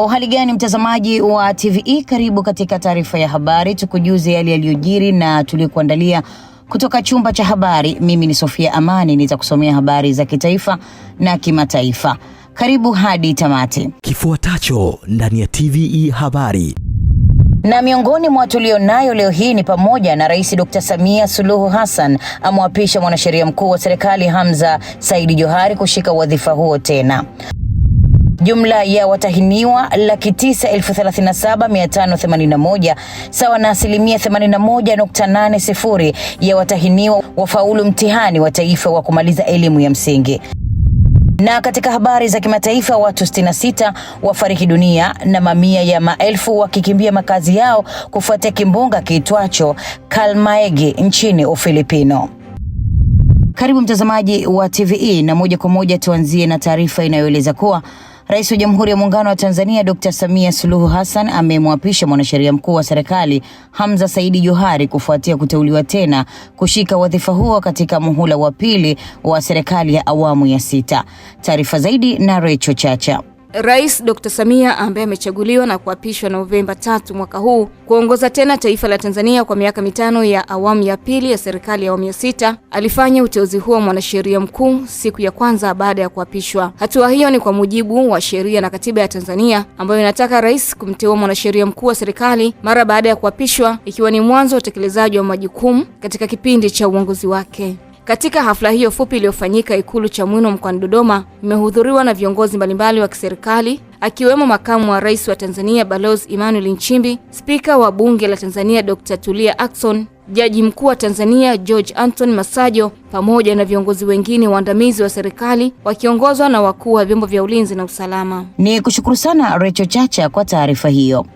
Uhali gani mtazamaji wa TVE, karibu katika taarifa ya habari, tukujuze yale yaliyojiri na tuliokuandalia kutoka chumba cha habari. Mimi ni Sofia Amani, nitakusomea habari za kitaifa na kimataifa. Karibu hadi tamati. Kifuatacho ndani ya TVE habari na miongoni mwa tulionayo leo hii ni pamoja na Rais Dr. Samia Suluhu Hassan amwapisha mwanasheria mkuu wa serikali Hamza Saidi Johari kushika wadhifa huo tena. Jumla ya watahiniwa laki tisa elfu thelathini na saba mia tano themanini na moja sawa na asilimia themanini na moja nukta nane sifuri ya watahiniwa wafaulu mtihani wa taifa wa kumaliza elimu ya msingi. Na katika habari za kimataifa, watu 66 wafariki dunia na mamia ya maelfu wakikimbia makazi yao kufuatia kimbunga kiitwacho Kalmaegi nchini Ufilipino. Karibu mtazamaji wa TVE na moja kwa moja tuanzie na taarifa inayoeleza kuwa Rais wa Jamhuri ya Muungano wa Tanzania Dr. Samia Suluhu Hassan amemwapisha mwanasheria mkuu wa serikali Hamza Saidi Johari kufuatia kuteuliwa tena kushika wadhifa huo katika muhula wa pili wa serikali ya awamu ya sita. Taarifa zaidi na Recho Chacha. Rais Dr. Samia ambaye amechaguliwa na kuapishwa Novemba tatu mwaka huu kuongoza tena taifa la Tanzania kwa miaka mitano ya awamu ya pili ya serikali ya awamu ya sita alifanya uteuzi huo mwanasheria mkuu siku ya kwanza baada ya kuapishwa. Hatua hiyo ni kwa mujibu wa sheria na katiba ya Tanzania ambayo inataka rais kumteua mwanasheria mkuu wa serikali mara baada ya kuapishwa, ikiwa ni mwanzo wa utekelezaji wa majukumu katika kipindi cha uongozi wake. Katika hafla hiyo fupi iliyofanyika Ikulu Chamwino mkoani Dodoma, imehudhuriwa na viongozi mbalimbali wa kiserikali akiwemo makamu wa rais wa Tanzania Balozi Emmanuel Nchimbi, spika wa bunge la Tanzania Dr. Tulia Ackson, jaji mkuu wa Tanzania George Anton Masajo, pamoja na viongozi wengine waandamizi wa serikali wakiongozwa na wakuu wa vyombo vya ulinzi na usalama. Ni kushukuru sana Recho Chacha kwa taarifa hiyo.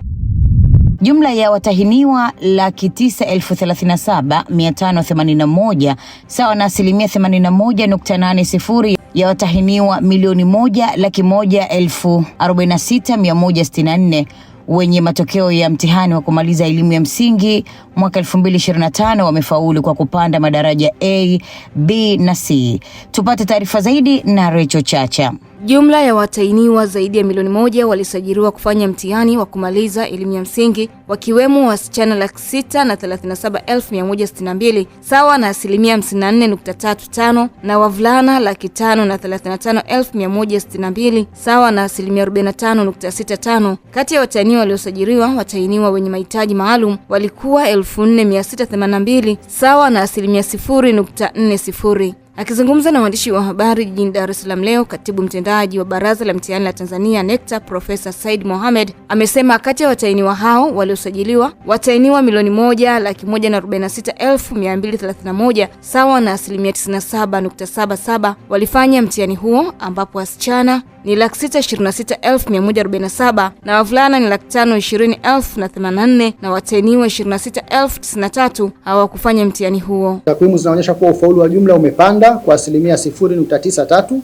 Jumla ya watahiniwa laki tisa elfu thelathini na saba mia tano themanini na moja sawa na asilimia themanini na moja nukta nane sifuri ya watahiniwa milioni moja laki moja elfu arobaini na sita mia moja sitini na nne wenye matokeo ya mtihani wa kumaliza elimu ya msingi mwaka 2025 wamefaulu kwa kupanda madaraja A, B na C. Tupate taarifa zaidi na Recho Chacha. Jumla ya watahiniwa zaidi ya milioni moja walisajiliwa kufanya mtihani wa kumaliza elimu ya msingi wakiwemo wasichana laki sita na 37,162 sawa na asilimia 54.35 na wavulana laki tano na 35,162 sawa na asilimia 45.65. Kati ya watahiniwa waliosajiliwa, watahiniwa wenye mahitaji maalum walikuwa 4,682 sawa na asilimia 0.40. Akizungumza na waandishi wa habari jijini Dar es Salaam leo, katibu mtendaji wa Baraza la Mtihani la Tanzania NECTA Profesa Said Mohamed amesema kati ya watainiwa hao waliosajiliwa watainiwa milioni moja laki moja na arobaini na sita elfu mia mbili thelathini na moja sawa na asilimia 97.77 walifanya mtihani huo ambapo wasichana ni laki sita ishirini na sita elfu mia moja arobaini na saba na wavulana ni laki tano ishirini elfu na themanini na nne na watainiwa ishirini na sita elfu tisini na tatu hawakufanya mtihani huo. Takwimu zinaonyesha kuwa ufaulu wa jumla umepanda saba kwa asilimia 0.93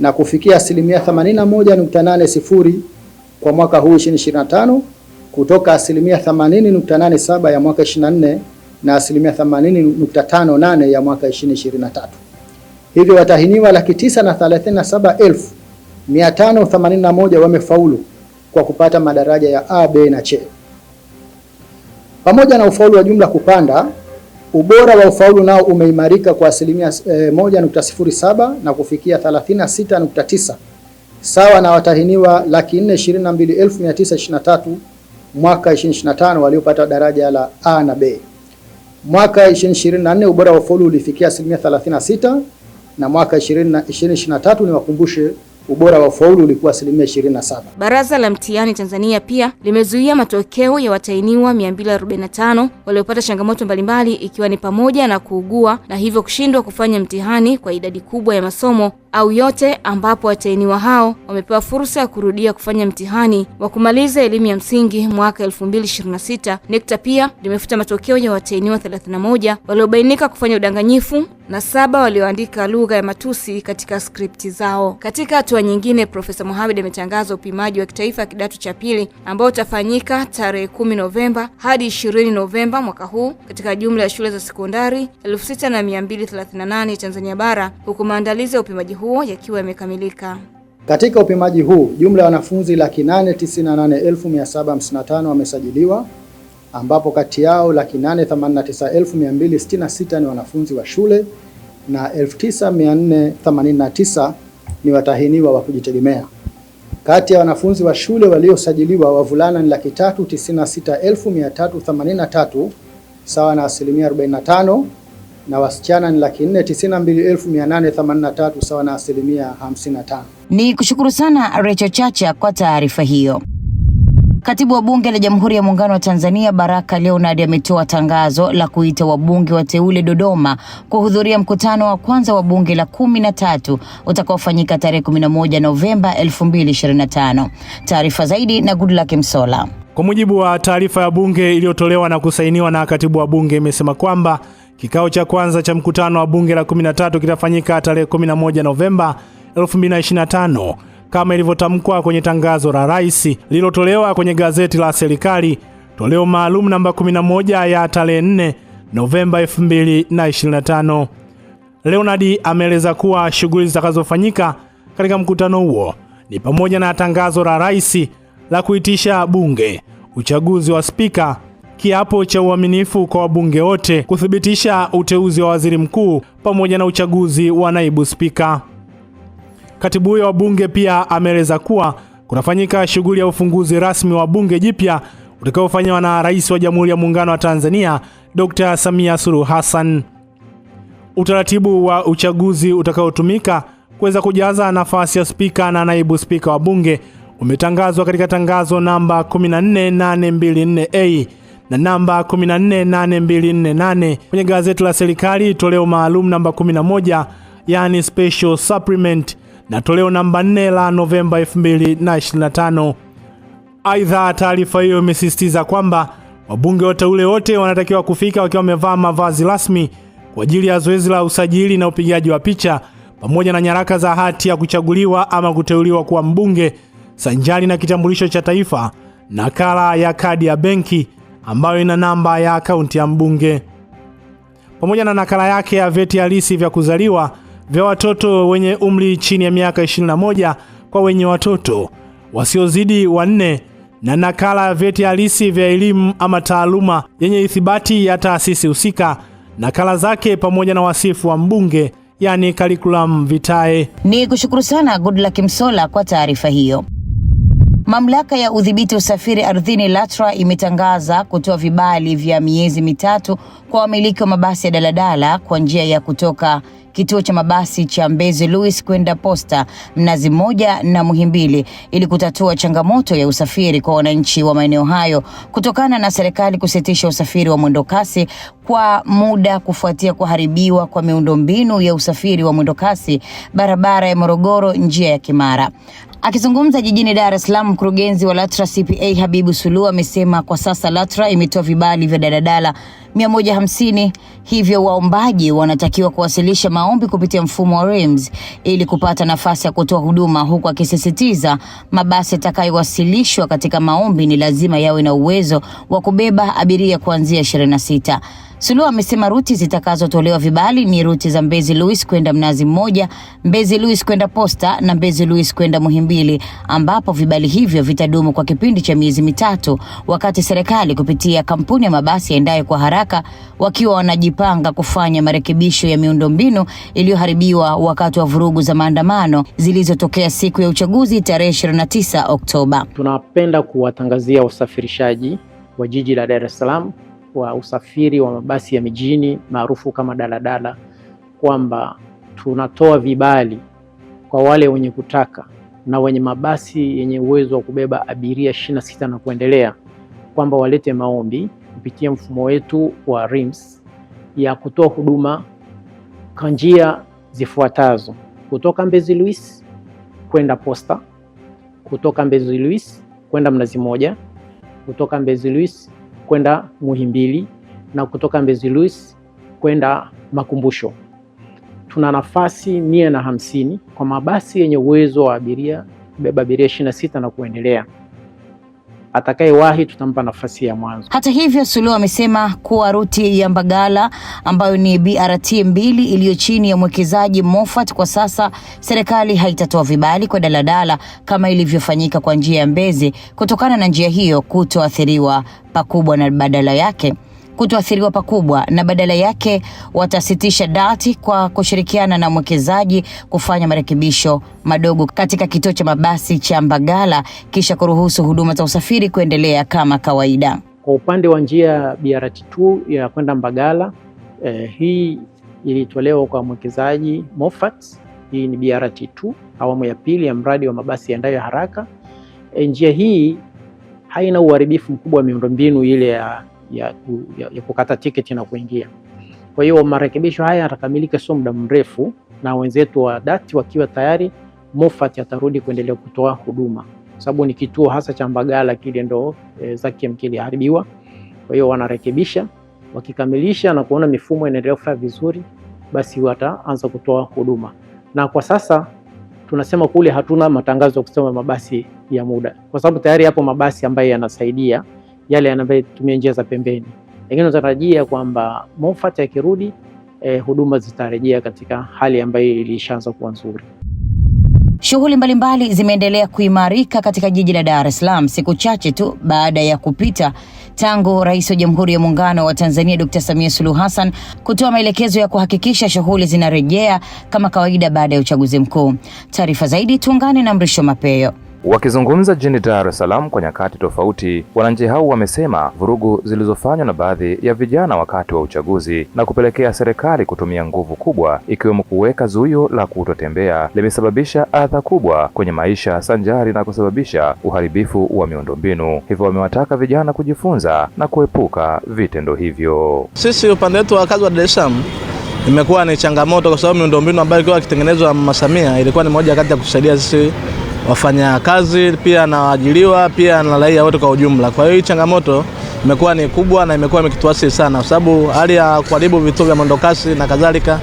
na kufikia asilimia 81.80 kwa mwaka huu 2025 kutoka asilimia 80.87 ya mwaka 24 na asilimia 80.58 ya mwaka 2023. Hivyo watahiniwa laki tisa na thelathini na wamefaulu kwa kupata madaraja ya A, B na C. Pamoja na ufaulu wa jumla kupanda Ubora wa ufaulu nao umeimarika kwa asilimia eh, saba na kufikia 36.9 sawa na watahiniwa laki 422,923 mwaka 2025 waliopata daraja la A na B. Mwaka 2024 ubora wa ufaulu ulifikia asilimia 36 na mwaka 2023 ni wakumbushe ubora wa faulu ulikuwa asilimia 27. Baraza la Mtihani Tanzania pia limezuia matokeo ya watahiniwa 245 waliopata changamoto mbalimbali ikiwa ni pamoja na kuugua na hivyo kushindwa kufanya mtihani kwa idadi kubwa ya masomo au yote, ambapo watahiniwa hao wamepewa fursa ya kurudia kufanya mtihani wa kumaliza elimu ya msingi mwaka 2026. NECTA pia limefuta matokeo ya watahiniwa 31 waliobainika kufanya udanganyifu na saba walioandika lugha ya matusi katika skripti zao. Katika hatua nyingine, Profesa Mohamed ametangaza upimaji wa kitaifa ya kidato cha pili ambao utafanyika tarehe 10 Novemba hadi 20 Novemba mwaka huu katika jumla ya shule za sekondari 6238 Tanzania bara, huku maandalizi ya upimaji huo yakiwa yamekamilika. Katika upimaji huu jumla ya wanafunzi laki 898,755 wamesajiliwa ambapo kati yao laki 889,266 ni wanafunzi wa shule na 9489 ni watahiniwa wa kujitegemea. Kati ya wanafunzi wa shule waliosajiliwa wavulana ni laki 396,383 sawa na asilimia 45 na wasichana ni laki nne tisini na mbili elfu mia nane themanini na tatu sawa na asilimia hamsini na tano. Ni kushukuru sana Recho Chacha kwa taarifa hiyo. Katibu wa Bunge la Jamhuri ya Muungano wa Tanzania Baraka Leonard ametoa tangazo la kuita wabunge wateule Dodoma kuhudhuria mkutano wa kwanza wa Bunge la kumi na tatu utakaofanyika tarehe 11 Novemba 2025. Taarifa zaidi na Goodluck Msola. Kwa mujibu wa taarifa ya bunge iliyotolewa na kusainiwa na katibu wa bunge imesema kwamba Kikao cha kwanza cha mkutano wa bunge la 13 kitafanyika tarehe 11 Novemba 2025 kama ilivyotamkwa kwenye tangazo la rais lililotolewa kwenye gazeti la serikali toleo maalum namba 11 ya tarehe 4 Novemba 2025. Leonard ameeleza kuwa shughuli zitakazofanyika katika mkutano huo ni pamoja na tangazo la rais la kuitisha bunge, uchaguzi wa spika, kiapo cha uaminifu kwa wabunge wote kuthibitisha uteuzi wa waziri mkuu pamoja na uchaguzi wa naibu spika. Katibu huyo wa bunge pia ameeleza kuwa kunafanyika shughuli ya ufunguzi rasmi wa bunge jipya utakaofanywa na Rais wa Jamhuri ya Muungano wa Tanzania Dr. Samia Suluhu Hassan. Utaratibu wa uchaguzi utakaotumika kuweza kujaza nafasi ya spika na naibu spika wa bunge umetangazwa katika tangazo namba 14824A na namba 148248 kwenye gazeti la serikali toleo maalum namba 11 yani special supplement na toleo namba 4 la Novemba 2025. Aidha, taarifa hiyo imesisitiza kwamba wabunge wateule wote wanatakiwa kufika wakiwa wamevaa mavazi rasmi kwa ajili ya zoezi la usajili na upigaji wa picha pamoja na nyaraka za hati ya kuchaguliwa ama kuteuliwa kuwa mbunge sanjari na kitambulisho cha taifa, nakala ya kadi ya benki ambayo ina namba ya akaunti ya mbunge pamoja na nakala yake ya vyeti halisi vya kuzaliwa vya watoto wenye umri chini ya miaka 21 kwa wenye watoto wasiozidi wanne na nakala ya vyeti halisi vya elimu ama taaluma yenye ithibati ya taasisi husika, nakala zake pamoja na wasifu wa mbunge, yani curriculum vitae. Ni kushukuru sana Goodluck msola kwa taarifa hiyo. Mamlaka ya udhibiti usafiri ardhini LATRA imetangaza kutoa vibali vya miezi mitatu kwa wamiliki wa mabasi ya daladala kwa njia ya kutoka kituo cha mabasi cha Mbezi Louis kwenda Posta, Mnazi Mmoja na Muhimbili ili kutatua changamoto ya usafiri kwa wananchi wa maeneo hayo kutokana na serikali kusitisha usafiri wa mwendokasi kwa muda kufuatia kuharibiwa kwa miundombinu ya usafiri wa mwendokasi barabara ya Morogoro njia ya Kimara. Akizungumza jijini Dar es Salaam, mkurugenzi wa LATRA CPA Habibu Sulu amesema kwa sasa LATRA imetoa vibali vya daladala 150, hivyo waombaji wanatakiwa kuwasilisha maombi kupitia mfumo wa REMS ili kupata nafasi ya kutoa huduma, huku akisisitiza mabasi yatakayowasilishwa katika maombi ni lazima yawe na uwezo wa kubeba abiria kuanzia 26. Suluhu amesema ruti zitakazotolewa vibali ni ruti za Mbezi Luis kwenda Mnazi Mmoja, Mbezi Luis kwenda Posta na Mbezi Luis kwenda Muhimbili, ambapo vibali hivyo vitadumu kwa kipindi cha miezi mitatu, wakati serikali kupitia kampuni ya mabasi yaendayo kwa haraka wakiwa wanajipanga kufanya marekebisho ya miundombinu iliyoharibiwa wakati wa vurugu za maandamano zilizotokea siku ya uchaguzi tarehe 29 Oktoba. Tunapenda kuwatangazia wasafirishaji wa jiji la Dar es Salaam wa usafiri wa mabasi ya mijini maarufu kama daladala, kwamba tunatoa vibali kwa wale wenye kutaka na wenye mabasi yenye uwezo wa kubeba abiria ishirini na sita na kuendelea, kwamba walete maombi kupitia mfumo wetu wa RIMS ya kutoa huduma kwa njia zifuatazo: kutoka Mbezi Luis kwenda Posta, kutoka Mbezi Luis kwenda Mnazi Moja, kutoka Mbezi Luis kwenda Muhimbili na kutoka Mbezi Luis kwenda Makumbusho. Tuna nafasi mia na hamsini kwa mabasi yenye uwezo wa abiria kubeba abiria 26 na kuendelea atakayewahi tutampa nafasi ya mwanzo. Hata hivyo, Suluhu amesema kuwa ruti ya Mbagala ambayo ni BRT mbili iliyo chini ya mwekezaji Mofat, kwa sasa serikali haitatoa vibali kwa daladala kama ilivyofanyika kwa njia ya Mbezi, kutokana na njia hiyo kutoathiriwa pakubwa, na badala yake kutoathiriwa pakubwa na badala yake watasitisha dati kwa kushirikiana na mwekezaji kufanya marekebisho madogo katika kituo cha mabasi cha Mbagala kisha kuruhusu huduma za usafiri kuendelea kama kawaida. Kwa upande wa njia BRT2 ya kwenda Mbagala, eh, hii ilitolewa kwa mwekezaji Moffat. Hii ni BRT2 awamu ya pili ya mradi wa mabasi yaendayo haraka. Eh, njia hii haina uharibifu mkubwa wa miundombinu ile ya ya, ya, ya kukata tiketi na kuingia. Hmm. Kwa hiyo marekebisho haya yatakamilika sio muda mrefu, na wenzetu wa dati wakiwa tayari, Mofat atarudi kuendelea kutoa huduma, sababu ni kituo hasa cha Mbagala kile ndo e, eh, ZACEM kiliharibiwa. Hmm. Kwa hiyo wanarekebisha, wakikamilisha na kuona mifumo inaendelea kufanya vizuri, basi wataanza kutoa huduma. Na kwa sasa tunasema kule hatuna matangazo ya kusema mabasi ya muda, kwa sababu tayari yapo mabasi ambayo yanasaidia yale yanavyotumia njia za pembeni, lakini unatarajia kwamba Moffat yakirudi eh, huduma zitarejea katika hali ambayo ilishaanza kuwa nzuri. Shughuli mbalimbali zimeendelea kuimarika katika jiji la Dar es Salaam siku chache tu baada ya kupita tangu Rais wa Jamhuri ya Muungano wa Tanzania Dr. Samia Suluhu Hassan kutoa maelekezo ya kuhakikisha shughuli zinarejea kama kawaida baada ya uchaguzi mkuu. Taarifa zaidi tuungane na Mrisho Mapeyo. Wakizungumza jijini Dar es Salaam kwa nyakati tofauti, wananchi hao wamesema vurugu zilizofanywa na baadhi ya vijana wakati wa uchaguzi na kupelekea serikali kutumia nguvu kubwa ikiwemo kuweka zuio la kutotembea limesababisha adha kubwa kwenye maisha sanjari na kusababisha uharibifu wa miundombinu. Hivyo wamewataka vijana kujifunza na kuepuka vitendo hivyo. Sisi upande wetu wakazi wa Dar es Salaam imekuwa ni changamoto kwa sababu miundombinu ambayo ilikuwa ikitengenezwa Mama Samia ilikuwa ni moja kati ya kutusaidia sisi wafanya kazi pia na waajiriwa pia na raia wote kwa ujumla. Kwa hiyo hii changamoto imekuwa ni kubwa na imekuwa ikituathiri sana, kwa sababu hali ya kuharibu vituo vya mwendokasi na kadhalika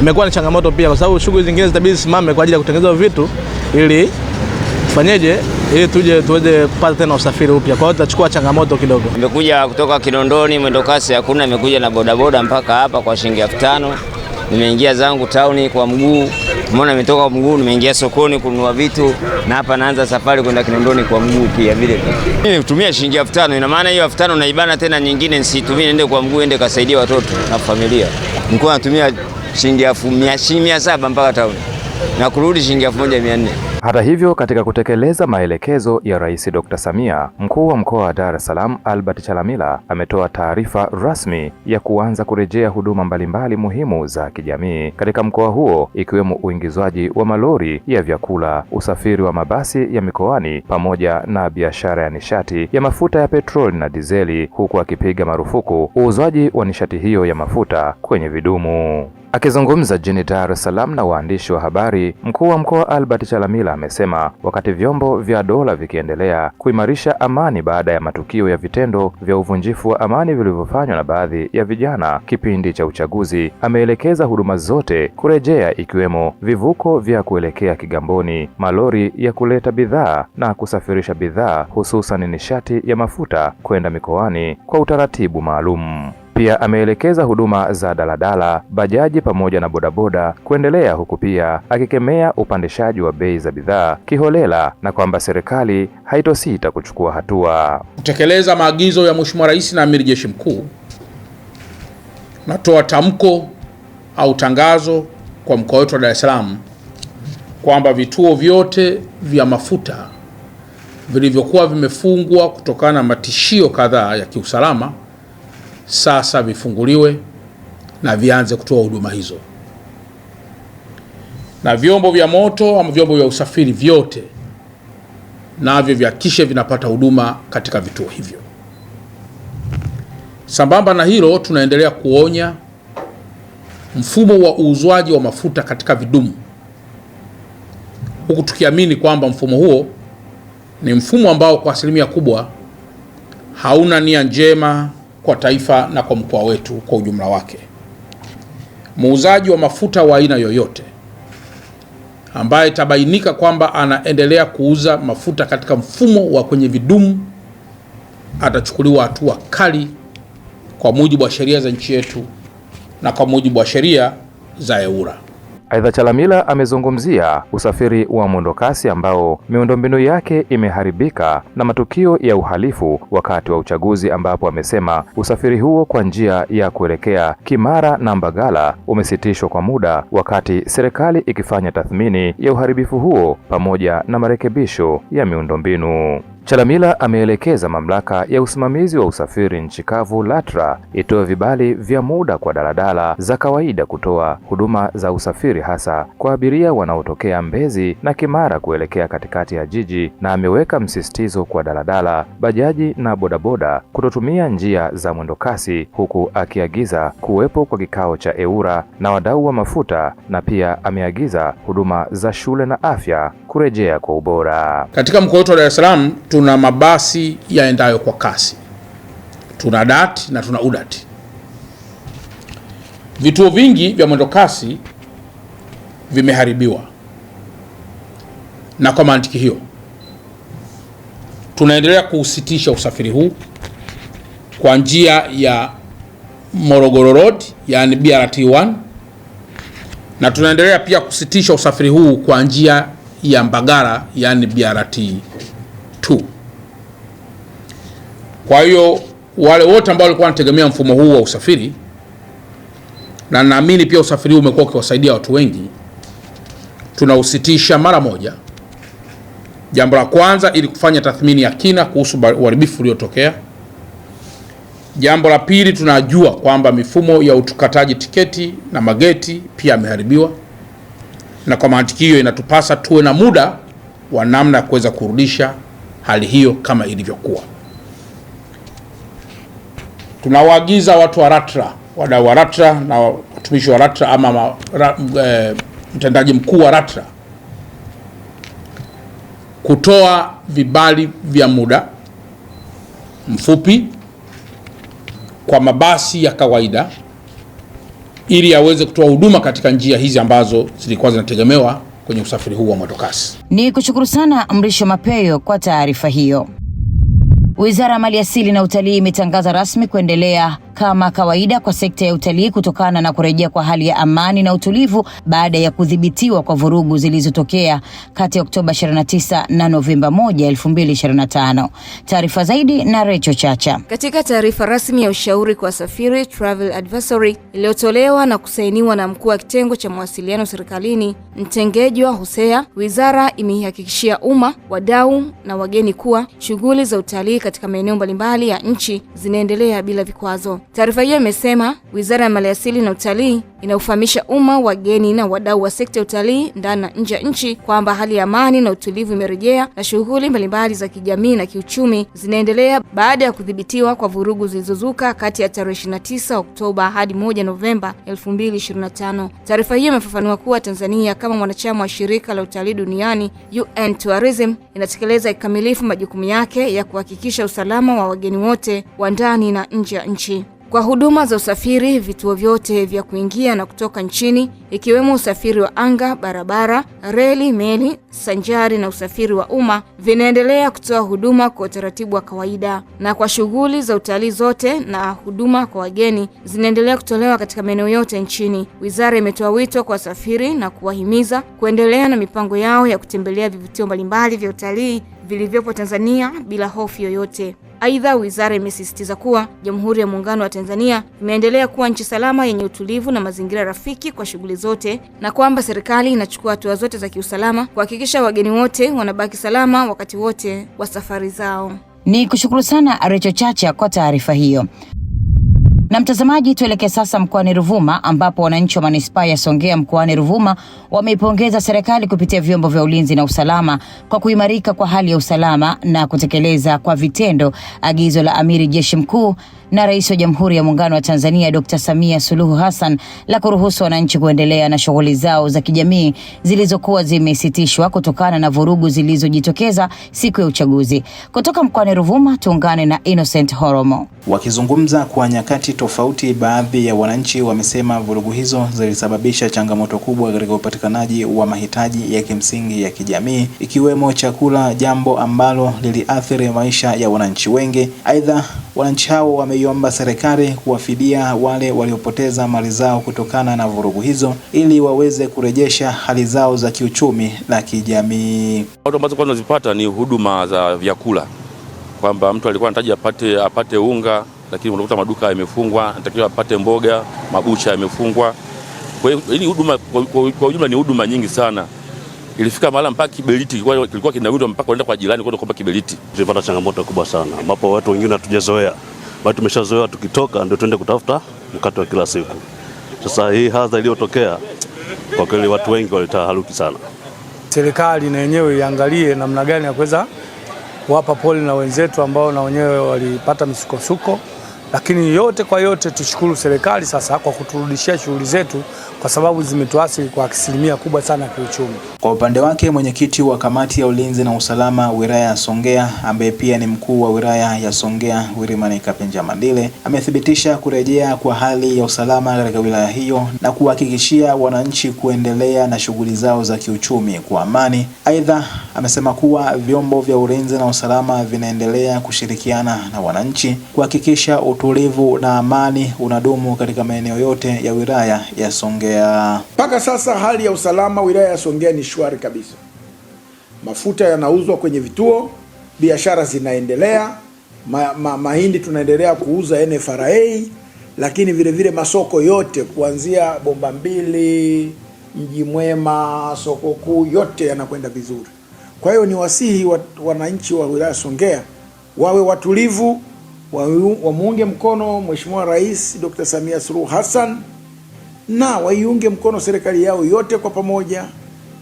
imekuwa ni changamoto pia, kwa sababu shughuli zingine zitabidi simame kwa ajili ya kutengeneza vitu ili fanyeje, ili tuje tuweze kupata tena usafiri upya. Kwa hiyo tutachukua changamoto kidogo. Nimekuja kutoka Kinondoni, mwendokasi hakuna, nimekuja na bodaboda mpaka hapa kwa shilingi elfu tano. Nimeingia zangu tauni kwa mguu. Umeona nimetoka mguu nimeingia sokoni kununua vitu na hapa naanza safari kwenda Kinondoni kwa mguu pia vile vile. Mimi nitumia shilingi elfu tano ina maana hiyo elfu tano naibana tena nyingine nisitumie niende kwa mguu niende kasaidia watoto na familia. Nilikuwa natumia shilingi 1000, mia saba mpaka tauni na kurudi shilingi 1400. moja mia hata hivyo, katika kutekeleza maelekezo ya Rais Dr. Samia, mkuu wa mkoa wa Dar es Salaam Albert Chalamila ametoa taarifa rasmi ya kuanza kurejea huduma mbalimbali muhimu za kijamii katika mkoa huo ikiwemo uingizwaji wa malori ya vyakula, usafiri wa mabasi ya mikoani pamoja na biashara ya nishati ya mafuta ya petroli na dizeli, huku akipiga marufuku uuzwaji wa nishati hiyo ya mafuta kwenye vidumu. Akizungumza jijini Dar es Salaam na waandishi wa habari, mkuu wa mkoa Albert Chalamila amesema wakati vyombo vya dola vikiendelea kuimarisha amani baada ya matukio ya vitendo vya uvunjifu wa amani vilivyofanywa na baadhi ya vijana kipindi cha uchaguzi, ameelekeza huduma zote kurejea, ikiwemo vivuko vya kuelekea Kigamboni, malori ya kuleta bidhaa na kusafirisha bidhaa, hususan nishati ya mafuta kwenda mikoani kwa utaratibu maalum. Pia ameelekeza huduma za daladala, bajaji pamoja na bodaboda kuendelea, huku pia akikemea upandishaji wa bei za bidhaa kiholela na kwamba serikali haitosita kuchukua hatua kutekeleza maagizo ya Mheshimiwa Rais na Amiri Jeshi Mkuu. Natoa tamko au tangazo kwa mkoa wetu wa Dar es Salaam kwamba vituo vyote vya mafuta vilivyokuwa vimefungwa kutokana na matishio kadhaa ya kiusalama sasa vifunguliwe na vianze kutoa huduma hizo, na vyombo vya moto ama vyombo vya usafiri vyote navyo vihakikishe vinapata huduma katika vituo hivyo. Sambamba na hilo, tunaendelea kuonya mfumo wa uuzwaji wa mafuta katika vidumu, huku tukiamini kwamba mfumo huo ni mfumo ambao kwa asilimia kubwa hauna nia njema kwa taifa na kwa mkoa wetu kwa ujumla wake. Muuzaji wa mafuta wa aina yoyote ambaye itabainika kwamba anaendelea kuuza mafuta katika mfumo wa kwenye vidumu atachukuliwa hatua kali kwa mujibu wa sheria za nchi yetu na kwa mujibu wa sheria za EWURA. Aidha, Chalamila amezungumzia usafiri wa mwendokasi ambao miundombinu yake imeharibika na matukio ya uhalifu wakati wa uchaguzi, ambapo amesema usafiri huo kwa njia ya kuelekea Kimara na Mbagala umesitishwa kwa muda wakati serikali ikifanya tathmini ya uharibifu huo pamoja na marekebisho ya miundombinu. Chalamila ameelekeza mamlaka ya usimamizi wa usafiri nchi kavu LATRA itoe vibali vya muda kwa daladala za kawaida kutoa huduma za usafiri hasa kwa abiria wanaotokea Mbezi na Kimara kuelekea katikati ya jiji, na ameweka msisitizo kwa daladala, bajaji na bodaboda kutotumia njia za mwendokasi, huku akiagiza kuwepo kwa kikao cha EWURA na wadau wa mafuta, na pia ameagiza huduma za shule na afya kurejea kwa ubora katika mkoa wetu wa Dar es Salaam tuna mabasi yaendayo kwa kasi, tuna dati na tuna udat Vituo vingi vya mwendo kasi vimeharibiwa, na kwa mantiki hiyo tunaendelea kuusitisha usafiri huu kwa njia ya Morogoro Road, yani BRT1, na tunaendelea pia kusitisha usafiri huu kwa njia ya Mbagala, yani BRT tu. Kwa hiyo wale wote ambao walikuwa wanategemea mfumo huu wa usafiri, na naamini pia usafiri huu umekuwa ukiwasaidia watu wengi, tunausitisha mara moja. Jambo la kwanza, ili kufanya tathmini ya kina kuhusu uharibifu uliotokea. Jambo la pili, tunajua kwamba mifumo ya utukataji tiketi na mageti pia imeharibiwa, na kwa mantiki hiyo inatupasa tuwe na muda wa namna ya kuweza kurudisha hali hiyo kama ilivyokuwa. Tunawaagiza watu wa RATRA, wadau wa RATRA na watumishi wa RATRA ama ma, ra, e, mtendaji mkuu wa ratra kutoa vibali vya muda mfupi kwa mabasi ya kawaida ili aweze kutoa huduma katika njia hizi ambazo zilikuwa zinategemewa kwenye usafiri huu wa mwendokasi. Ni kushukuru sana Mrisho Mapeyo kwa taarifa hiyo. Wizara ya Maliasili na Utalii imetangaza rasmi kuendelea kama kawaida kwa sekta ya utalii kutokana na kurejea kwa hali ya amani na utulivu baada ya kudhibitiwa kwa vurugu zilizotokea kati ya Oktoba 29 na Novemba 1, 2025. Taarifa zaidi na Recho Chacha. Katika taarifa rasmi ya ushauri kwa wasafiri Travel Advisory iliyotolewa na kusainiwa na mkuu wa kitengo cha mawasiliano serikalini Mtengejwa Husea, wizara imeihakikishia umma, wadau na wageni kuwa shughuli za utalii katika maeneo mbalimbali ya nchi zinaendelea bila vikwazo. Taarifa hiyo imesema Wizara ya Maliasili na Utalii inaufahamisha umma, wageni na wadau wa sekta ya utalii ndani na nje ya nchi kwamba hali ya amani na utulivu imerejea na shughuli mbalimbali za kijamii na kiuchumi zinaendelea baada ya kudhibitiwa kwa vurugu zilizozuka kati ya tarehe 29 Oktoba hadi 1 Novemba 2025. Taarifa hiyo imefafanua kuwa Tanzania kama mwanachama wa shirika la utalii duniani UN Tourism inatekeleza kikamilifu majukumu yake ya kuhakikisha usalama wa wageni wote wa ndani na nje ya nchi. Kwa huduma za usafiri, vituo vyote vya kuingia na kutoka nchini ikiwemo usafiri wa anga, barabara, reli, meli, sanjari na usafiri wa umma vinaendelea kutoa huduma kwa utaratibu wa kawaida, na kwa shughuli za utalii zote na huduma kwa wageni zinaendelea kutolewa katika maeneo yote nchini. Wizara imetoa wito kwa wasafiri na kuwahimiza kuendelea na mipango yao ya kutembelea vivutio mbalimbali vya utalii vilivyopo Tanzania bila hofu yoyote. Aidha, wizara imesisitiza kuwa Jamhuri ya Muungano wa Tanzania imeendelea kuwa nchi salama yenye utulivu na mazingira rafiki kwa shughuli zote na kwamba serikali inachukua hatua zote za kiusalama kuhakikisha wageni wote wanabaki salama wakati wote wa safari zao. Ni kushukuru sana Recho Chacha kwa taarifa hiyo. Na mtazamaji, tuelekee sasa mkoani Ruvuma ambapo wananchi wa manispaa ya Songea mkoani Ruvuma wameipongeza serikali kupitia vyombo vya ulinzi na usalama kwa kuimarika kwa hali ya usalama na kutekeleza kwa vitendo agizo la Amiri Jeshi Mkuu na Rais wa Jamhuri ya Muungano wa Tanzania Dr. Samia Suluhu Hassan la kuruhusu wananchi kuendelea na shughuli zao za kijamii zilizokuwa zimesitishwa kutokana na vurugu zilizojitokeza siku ya uchaguzi. Kutoka mkoani Ruvuma tuungane na Innocent Horomo. Wakizungumza kwa nyakati tofauti, baadhi ya wananchi wamesema vurugu hizo zilisababisha changamoto kubwa katika upatikanaji wa mahitaji ya kimsingi ya kijamii ikiwemo chakula, jambo ambalo liliathiri maisha ya wananchi wengi. Aidha, wananchi hao wame kuiomba serikali kuwafidia wale waliopoteza mali zao kutokana na vurugu hizo ili waweze kurejesha hali zao za kiuchumi na kijamii. Watu ambazo kwa nazipata ni huduma za vyakula, kwamba mtu alikuwa anahitaji apate, apate unga, lakini unakuta maduka yamefungwa, anatakiwa apate mboga, mabucha yamefungwa. Kwa hiyo huduma kwa ujumla ni huduma nyingi sana ilifika mahala mpaka kiberiti kilikuwa kinawindwa mpaka unaenda kwa jirani kwenda kuomba kiberiti. Tulipata changamoto kubwa sana ambapo watu wengine hatujazoea bado tumeshazoea tukitoka ndio tuende kutafuta mkate wa kila siku. Sasa hii hadha iliyotokea, kwa kweli watu wengi walitaharuki sana. Serikali na yenyewe iangalie namna gani ya kuweza kuwapa pole na wenzetu ambao na wenyewe walipata misukosuko. Lakini yote kwa yote, tushukuru serikali sasa kwa kuturudishia shughuli zetu, kwa sababu zimetuathiri kwa asilimia kubwa sana kiuchumi. Kwa upande wake, mwenyekiti wa kamati ya ulinzi na usalama wilaya ya Songea ambaye pia ni mkuu wa wilaya ya Songea Wilimani Kapenja Mandile amethibitisha kurejea kwa hali ya usalama katika wilaya hiyo na kuhakikishia wananchi kuendelea na shughuli zao za kiuchumi kwa amani. Aidha, amesema kuwa vyombo vya ulinzi na usalama vinaendelea kushirikiana na wananchi kuhakikisha utulivu na amani unadumu katika maeneo yote ya wilaya ya Songea. Mpaka sasa hali ya usalama wilaya ya Songea ni shwari kabisa. Mafuta yanauzwa kwenye vituo, biashara zinaendelea, ma, ma, mahindi tunaendelea kuuza NFRA, lakini vile vile masoko yote kuanzia bomba mbili, mji mwema, soko kuu yote yanakwenda vizuri. Kwa hiyo ni wasihi wananchi wa wilaya Songea wawe watulivu wamuunge mkono Mheshimiwa Rais Dr. Samia Suluhu Hassan na waiunge mkono serikali yao yote kwa pamoja,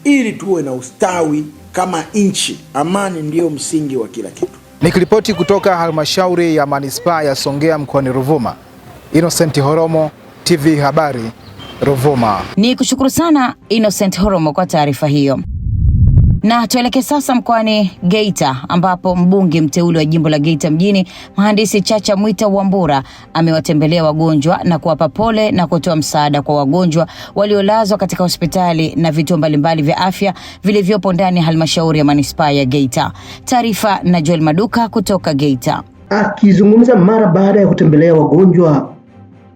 ili tuwe na ustawi kama nchi. Amani ndiyo msingi wa kila kitu. Nikiripoti kutoka halmashauri ya manispaa ya Songea mkoani Ruvuma, Innocent Horomo, TV Habari, Ruvuma. Ni kushukuru sana Innocent Horomo kwa taarifa hiyo. Na tuelekee sasa mkoani Geita ambapo mbunge mteule wa jimbo la Geita mjini mhandisi Chacha Mwita Wambura amewatembelea wagonjwa na kuwapa pole na kutoa msaada kwa wagonjwa waliolazwa katika hospitali na vituo mbalimbali vya afya vilivyopo ndani ya halmashauri ya manispaa ya Geita. Taarifa na Joel Maduka kutoka Geita. Akizungumza mara baada ya kutembelea wagonjwa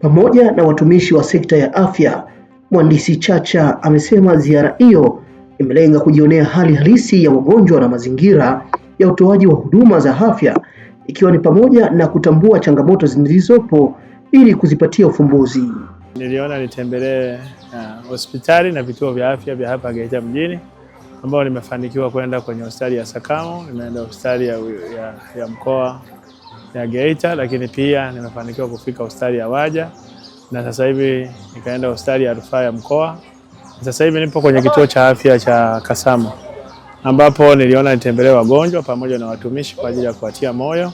pamoja na watumishi wa sekta ya afya, mhandisi Chacha amesema ziara hiyo imelenga kujionea hali halisi ya wagonjwa na mazingira ya utoaji wa huduma za afya ikiwa ni pamoja na kutambua changamoto zilizopo ili kuzipatia ufumbuzi. Niliona nitembelee uh, hospitali na vituo vya afya vya hapa Geita mjini ambao nimefanikiwa kwenda kwenye hospitali ya Sakamo, nimeenda hospitali ya, ya, ya mkoa ya Geita, lakini pia nimefanikiwa kufika hospitali ya Waja na sasa hivi nikaenda hospitali ya rufaa ya mkoa sasa hivi nipo kwenye kituo cha afya cha Kasama ambapo niliona nitembelee wagonjwa pamoja na watumishi kwa ajili ya kuwatia moyo,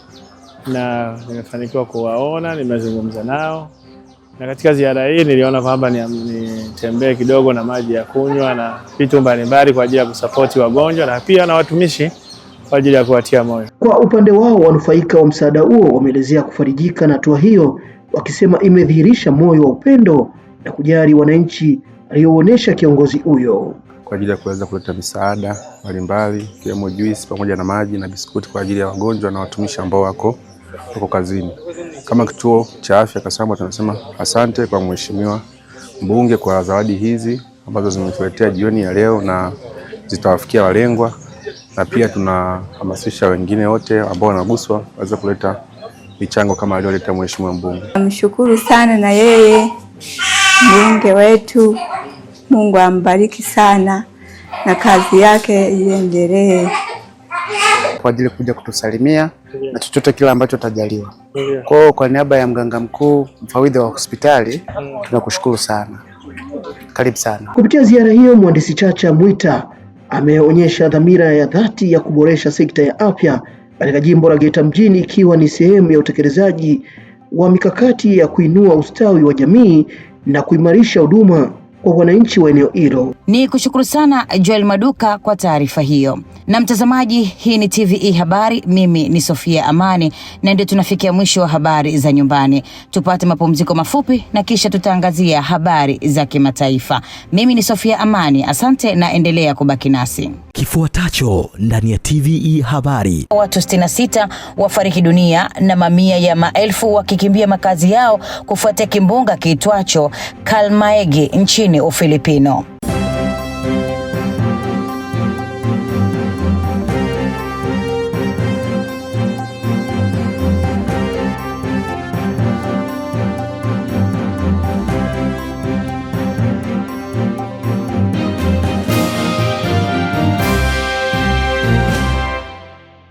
na nimefanikiwa kuwaona, nimezungumza nao, na katika ziara hii niliona kwamba nitembee kidogo na maji ya kunywa na vitu mbalimbali kwa ajili ya kusapoti wagonjwa na pia na watumishi kwa ajili ya kuwatia moyo. Kwa upande wao, wanufaika wa msaada huo wameelezea kufarijika na hatua hiyo, wakisema imedhihirisha moyo wa upendo na kujali wananchi aliyouonyesha kiongozi huyo kwa ajili ya kuweza kuleta misaada mbalimbali ikiwemo juisi pamoja na maji na biskuti kwa ajili ya wagonjwa na watumishi ambao wako wako kazini. Kama kituo cha afya Kasambwa, tunasema asante kwa mheshimiwa mbunge kwa zawadi hizi ambazo zimetuletea jioni ya leo na zitawafikia walengwa, na pia tunahamasisha wengine wote ambao wanaguswa waweze kuleta michango kama aliyoleta mheshimiwa mbunge. Namshukuru sana na yeye mbunge wetu. Mungu ambariki sana na kazi yake iendelee kwa ajili ya kuja kutusalimia na chochote kile ambacho tajaliwa Kwa hiyo kwa niaba ya mganga mkuu mfawidhi wa hospitali tunakushukuru sana, karibu sana. Kupitia ziara hiyo, mhandisi Chacha Mwita ameonyesha dhamira ya dhati ya kuboresha sekta ya afya katika jimbo la Geita mjini ikiwa ni sehemu ya utekelezaji wa mikakati ya kuinua ustawi wa jamii na kuimarisha huduma kwa wananchi wa eneo hilo. Ni kushukuru sana Joel Maduka kwa taarifa hiyo. Na mtazamaji, hii ni TVE Habari, mimi ni Sofia Amani, na ndio tunafikia mwisho wa habari za nyumbani. Tupate mapumziko mafupi na kisha tutaangazia habari za kimataifa. Mimi ni Sofia Amani, asante na endelea kubaki nasi. Kifuatacho ndani ya TVE Habari, watu 66 wafariki dunia na mamia ya maelfu wakikimbia makazi yao kufuatia kimbunga kiitwacho Kalmaegi nchini Ukraine o Filipino.